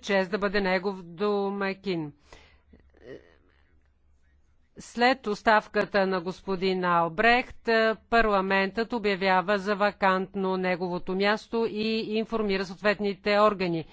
чест да бъде негов домакин. След оставката на господин Албрехт, е, парламентът обявява за вакантно неговото място и информира съответните органи.